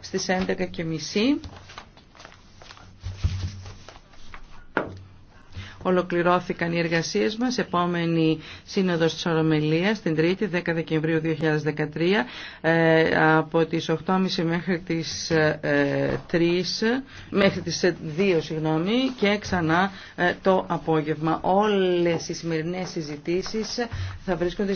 στις 11.30. Ολοκληρώθηκαν οι εργασίες μας. Επόμενη σύνοδος της Ορομελίας, την 3η, 10 Δεκεμβρίου 2013, ε, από τις 8.30 μέχρι τις 3, ε, μέχρι τις 2, συγγνώμη, και ξανά ε, το απόγευμα. Όλες οι σημερινές συζητήσεις θα βρίσκονται